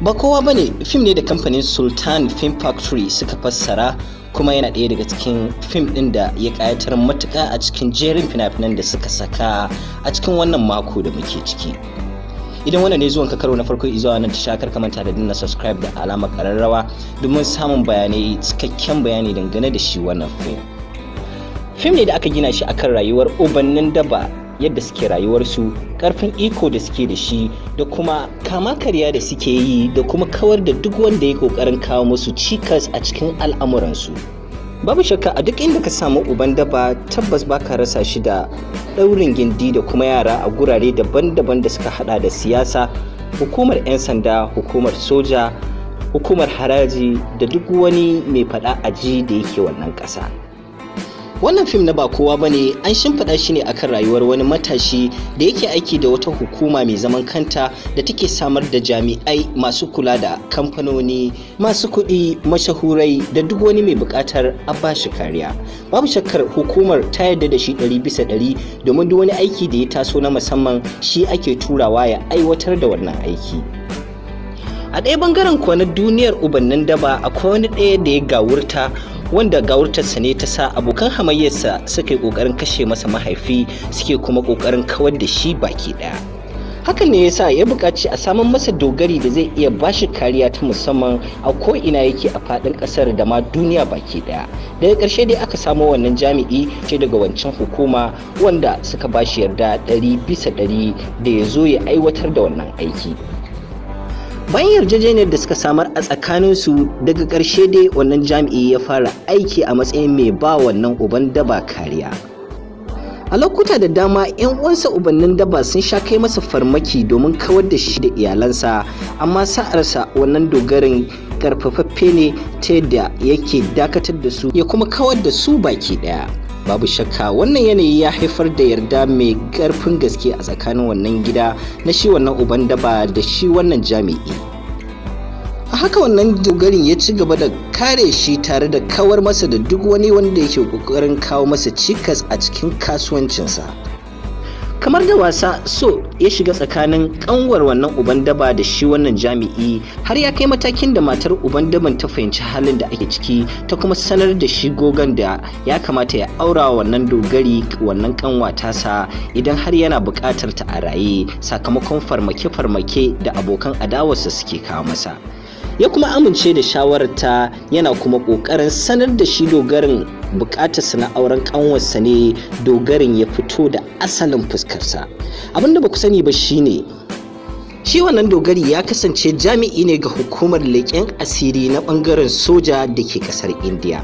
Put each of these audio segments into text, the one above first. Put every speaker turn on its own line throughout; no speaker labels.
ba kowa bane fim ne da kamfanin sultan film factory suka fassara kuma yana ɗaya daga cikin fim ɗin da ya ƙayatar matuƙa a cikin jerin fina-finan da suka saka a cikin wannan mako da muke ciki idan wannan ne zuwan karo na farko izuwa nan ta shakar kamanta da dinna subscribe da alama ƙararrawa domin samun bayanai cikakken bayani dangane da shi wannan fim fim ne da aka gina shi akan rayuwar ubannin daba yadda suke rayuwarsu karfin iko da suke da shi da kuma kama karya da suke yi da kuma kawar da duk wanda ya kokarin kawo musu cikas a cikin al'amuransu babu shakka a duk inda ka samu uban daba tabbas baka rasa shi da daurin gindi da kuma yara a gurare daban-daban da suka hada da siyasa hukumar 'yan sanda hukumar soja hukumar haraji da duk wani mai fada aji da yake wannan ƙasa. wannan fim na ba kowa ba ne an shimfiɗa shi ne akan rayuwar wani matashi da yake aiki da wata hukuma mai zaman kanta da take samar da jami'ai masu kula da kamfanoni masu kuɗi mashahurai da duk wani mai buƙatar a ba shi kariya babu shakkar hukumar ta yarda da shi ɗari bisa ɗari domin duk wani aiki da ya taso na musamman shi ake turawa ya aiwatar da wannan aiki a ɗaya bangaren kuwa duniyar ubannin daba akwai wani ɗaya da ya gawurta wanda gawurtarsa ne ta sa abokan hamayyarsa suka yi ƙoƙarin kashe masa mahaifi suke kuma ƙoƙarin kawar da shi baki ɗaya hakan ne yasa ya buƙaci a samun masa dogari da zai iya bashi kariya ta musamman a ko ina yake a faɗin ƙasar da ma duniya baki ɗaya daga ƙarshe dai aka samo wannan jami'i ce daga wancan hukuma wanda suka bashi yarda ɗari bisa ɗari da ya zo ya aiwatar da wannan aiki bayan yarjejeniyar da suka samar a tsakanin su daga ƙarshe dai wannan jami'i ya fara aiki a matsayin mai ba wannan uban daba kariya a lokuta da dama 'yan uwansa ubannin daba sun sha kai masa farmaki domin kawar da shi da iyalansa amma sa'arsa wannan dogarin karfafaffe ne ta yadda yake dakatar da su ya kuma kawar da su baki daya babu shakka wannan yanayi ya haifar da yarda mai karfin gaske a tsakanin wannan gida na shi wannan uban daba da shi wannan jami'i a haka wannan dogarin ya ci gaba da kare shi tare da kawar masa da duk wani wanda yake kokarin kawo masa cikas a cikin kasuwancinsa kamar da wasa so ya shiga tsakanin kanwar wannan uban daba da shi wannan jami'i har ya kai matakin da matar uban daban ta fahimci halin da ake ciki ta kuma sanar da shi gogon da ya kamata ya aura wannan dogari wannan kanwa tasa idan har yana bukatar ta a raye sakamakon farmake-farmake da abokan adawarsa suke kawo masa ya kuma amince da shawararta yana kuma ƙoƙarin sanar da shi dogarin bukatarsa na auren ƙanwarsa ne dogarin ya fito da asalin fuskarsa abinda ba ku sani ba shine shi wannan dogari ya kasance jami'i ne ga hukumar leƙen asiri na ɓangaren soja da ke ƙasar indiya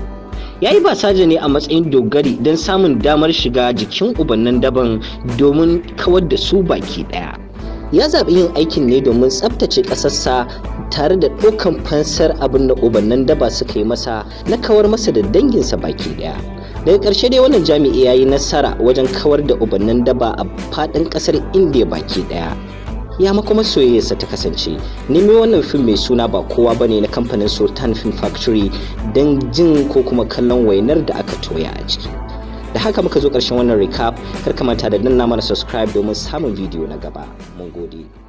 ya yi basaja ne a matsayin dogari don samun damar shiga jikin ubannin daban domin kawar da su baki ɗaya ya zaɓi yin aikin ne domin tsabtace ƙasarsa tare da ɗaukan fansar abin da ubannin daba suka yi masa na kawar masa da danginsa baki ɗaya daga ƙarshe dai wannan jami'i ya yi nasara wajen kawar da ubannin daba a faɗin ƙasar indiya baki ɗaya ya makoma soyayyarsa ta kasance nemi wannan fim mai suna ba kowa ba ne na kamfanin sultan film factory don jin ko kuma kallon wainar da aka toya a ciki da haka muka zo ƙarshen wannan recap kar ka manta da danna mana subscribe domin samun bidiyo na gaba mun gode